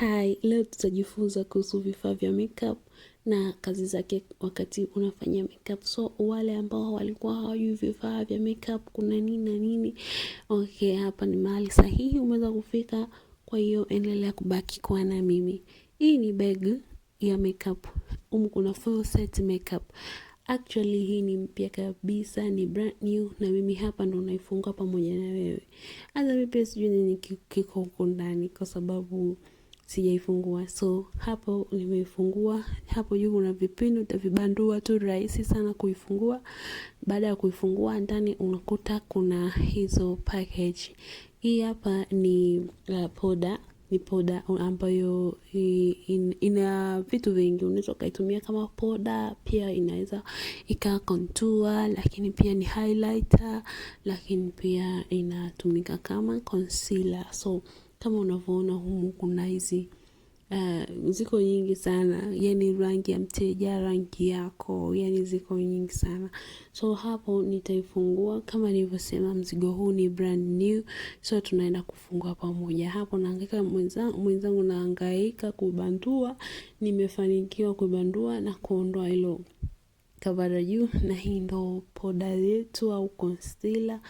Hi, leo tutajifunza kuhusu vifaa vya makeup na kazi zake wakati unafanya makeup. So wale ambao walikuwa hawajui vifaa vya makeup kuna nini na nini, okay, hapa ni mahali sahihi umeweza kufika. Kwa hiyo endelea kubaki kwa na mimi. Hii ni bag ya makeup, humu kuna full set makeup. Actually hii ni mpya kabisa, ni brand new, na mimi hapa ndo naifunga pamoja na wewe. Hata mimi pia sijui nini kiko huko ndani kwa sababu sijaifungua. So hapo nimeifungua, hapo juu kuna vipindi utavibandua tu, rahisi sana kuifungua. Baada ya kuifungua, ndani unakuta kuna hizo package. Hii hapa ni uh, poda ni poda ambayo in, ina vitu vingi. Unaweza ukaitumia kama poda, pia inaweza ikaa contour, lakini pia ni highlighter, lakini pia inatumika kama concealer so kama unavyoona humu kuna hizi uh, ziko nyingi sana yani rangi ya mteja rangi yako yani ziko nyingi sana so hapo nitaifungua kama nilivyosema mzigo huu ni brand new so tunaenda kufungua pamoja hapo naangaika mwenzangu, mwenzangu naangaika kubandua nimefanikiwa kubandua na kuondoa hilo kabara juu, na hii ndo poda yetu au konsila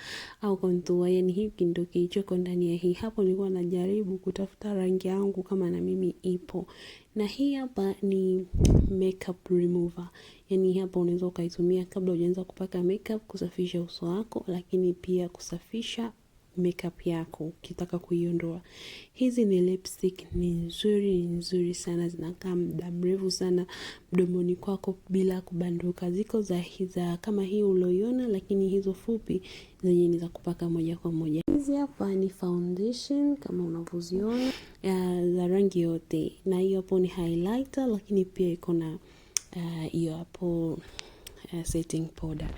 au kontua, Yani hiki ndo kilichoko ndani ya hii. Hapo nilikuwa najaribu kutafuta rangi yangu kama na mimi ipo, na hii hapa ni makeup remover. Yani hapa unaweza ukaitumia kabla hujaanza kupaka makeup kusafisha uso wako, lakini pia kusafisha makeup yako ukitaka kuiondoa. Hizi ni lipstick ni nzuri ni nzuri sana, zinakaa muda mrefu sana mdomoni kwako bila kubanduka. Ziko za hiza kama hii ulioiona, lakini hizo fupi zenye ni za kupaka moja kwa moja. Hizi hapa ni foundation kama unavyoziona za rangi yote, na hiyo hapo ni highlighter, lakini pia iko na eh, hiyo uh, hapo uh, setting powder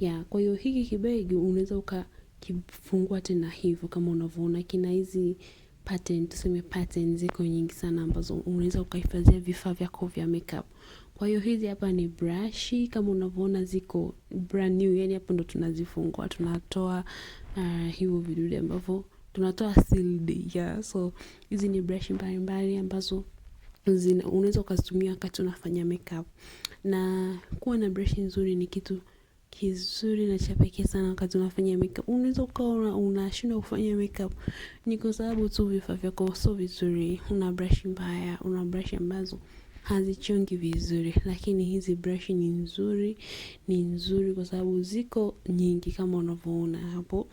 ya yeah. Kwa hiyo hiki kibegi unaweza uka kifungua tena hivyo kama unavyoona kina hizi pattern, tuseme pattern ziko nyingi sana ambazo unaweza ukahifadhia vifaa vyako vya makeup. Kwa hiyo hizi hapa ni brush kama unavyoona ziko brand new, yani hapo ndo tunazifungua tunatoa uh, hivyo vidude ambavyo tunatoa sealed yeah. So hizi ni brush mbalimbali ambazo unaweza ukazitumia wakati unafanya makeup, na kuwa na brush nzuri ni kitu kizuri na cha pekee sana wakati unafanya makeup. Unaweza ukawa unashindwa kufanya makeup ni kwa sababu tu vifaa vyako sio vizuri, una brush mbaya, una brush ambazo hazichongi vizuri, lakini hizi brush ni nzuri, ni nzuri kwa sababu ziko nyingi kama unavyoona hapo.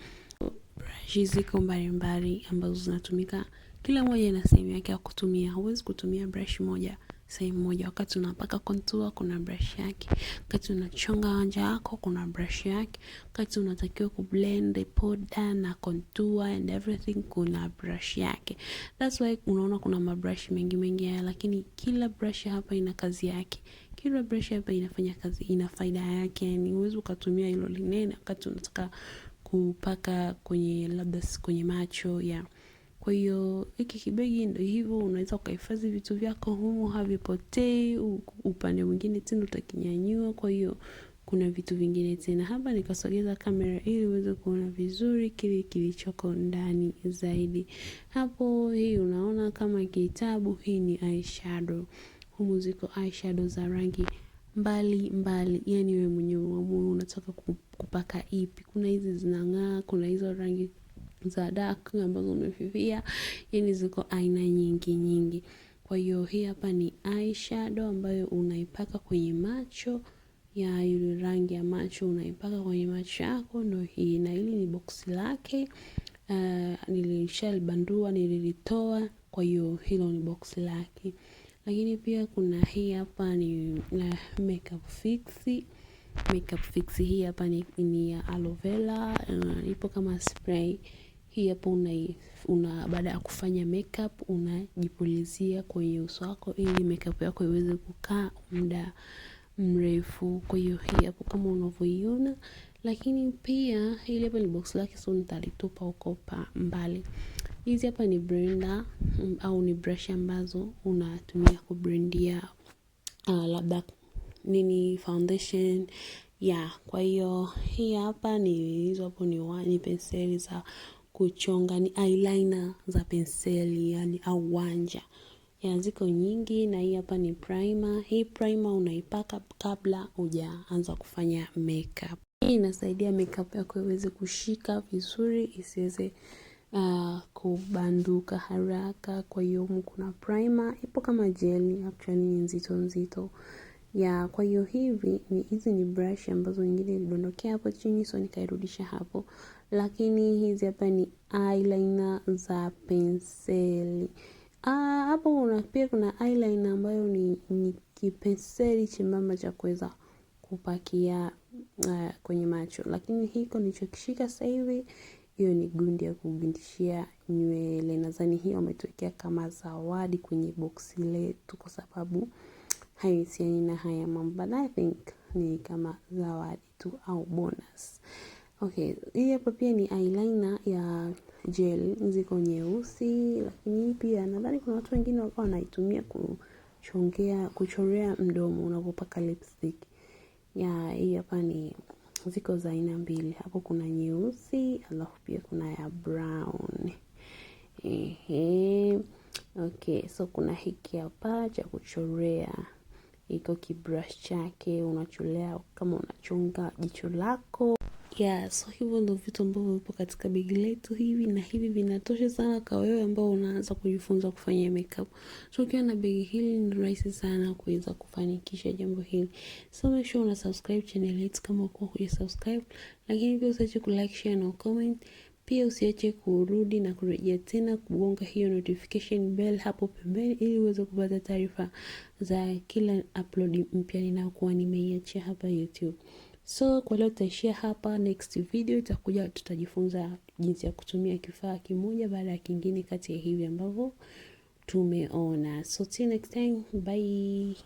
Brush ziko mbalimbali ambazo zinatumika, kila moja ina sehemu yake ya kutumia. Huwezi kutumia brush moja sehemu moja. Wakati unapaka contour kuna brush yake, wakati unachonga wanja yako kuna brush yake, wakati unatakiwa kublend powder na contour and everything kuna brush yake. That's why unaona kuna mabrush mengi mengi haya, lakini kila brush hapa ina kazi yake kila brush hapa inafanya kazi, ina faida yake. Yani huwezi ukatumia hilo linene wakati unataka kupaka kwenye labda kwenye macho ya yeah. Kwa hiyo hiki kibegi ndo hivyo, unaweza ukahifadhi vitu vyako humo, havipotei. Upande mwingine tena utakinyanyua, kwa hiyo kuna vitu vingine tena hapa. Nikasogeza kamera ili uweze kuona vizuri kile kilichoko ndani zaidi. Hapo hii unaona kama kitabu, hii ni eyeshadow. Humu ziko eyeshadow za rangi mbali mbali, yani wewe mwenyewe uamue unataka kupaka ipi. Kuna hizi zinang'aa, kuna hizo rangi za dark ambazo umefifia, yani ziko aina nyingi nyingi. Kwa hiyo hii hapa ni eyeshadow ambayo unaipaka kwenye macho ya ile rangi ya macho unaipaka kwenye macho yako, ndio hii. Na hili ni boksi lake. Uh, nilishalibanduwa nililitoa, kwa hiyo hilo ni boksi lake. Lakini pia kuna hii hapa ni uh, makeup fix. Makeup fix hii hapa ni, ni ya aloe vera uh, ipo kama spray hii hapo una baada ya kufanya makeup unajipulizia kwenye uso wako ili makeup yako iweze kukaa muda mrefu. Kwa hiyo hii hapo kama unavyoiona, lakini pia hili hapa ni box lake, so nitalitupa huko mbali. Hizi hapa ni blender mm, au ni brush ambazo unatumia kubrandia uh, labda nini foundation ya yeah. Kwa hiyo hii hapa ni hizo hapo ni, ni penseli za kuchonga ni eyeliner za penseli yani au wanja ya ziko nyingi na hii hapa ni primer. Hii primer unaipaka kabla hujaanza kufanya makeup. Hii inasaidia makeup yako iweze kushika vizuri isiweze uh, kubanduka haraka. Kwa hiyo kuna primer ipo kama jeli, actually ni nzito nzito ya kwa hiyo hivi hizi ni brush ambazo nyingine ilidondokea hapo chini, so nikairudisha hapo, lakini hizi hapa ni eyeliner za penseli. Ah, hapo una pia kuna eyeliner ambayo ni, ni kipenseli chembamba cha kuweza kupakia uh, kwenye macho, lakini hiko nilichokishika sasa hivi hiyo ni gundi ya kugundishia nywele. Nadhani hiyo wametuwekea kama zawadi kwenye boksi letu kwa sababu haihusiani na haya mambo but I think ni kama zawadi tu au bonus. Okay, hii hapa pia ni eyeliner ya gel, ziko nyeusi, lakini pia nadhani kuna watu wengine wakawa wanaitumia kuchongea kuchorea mdomo unapopaka lipstick. Ya hii hapa ni ziko za aina mbili, hapo kuna nyeusi alafu pia kuna ya brown. Ehe. Okay, so kuna hiki hapa cha kuchorea iko kibrush chake, unachulea kama unachunga jicho lako yeah. So hivyo ndio vitu ambavyo vipo katika begi letu hivi, na hivi vinatosha sana kwa wewe ambao unaanza kujifunza kufanya makeup. So ukiwa na begi hili ni rahisi sana kuweza kufanikisha jambo hili. So make sure una subscribe channel yetu kama uko huja subscribe, lakini pia usiache ku like, share na comment. Pia usiache kurudi na kurejea tena kugonga hiyo notification bell hapo pembeni ili uweze kupata taarifa za kila upload mpya ninayokuwa nimeiachia hapa YouTube. So kwa leo tutaishia hapa. Next video itakuja, tutajifunza jinsi ya kutumia kifaa kimoja baada ya kingine kati ya hivi ambavyo tumeona. So till next time, bye.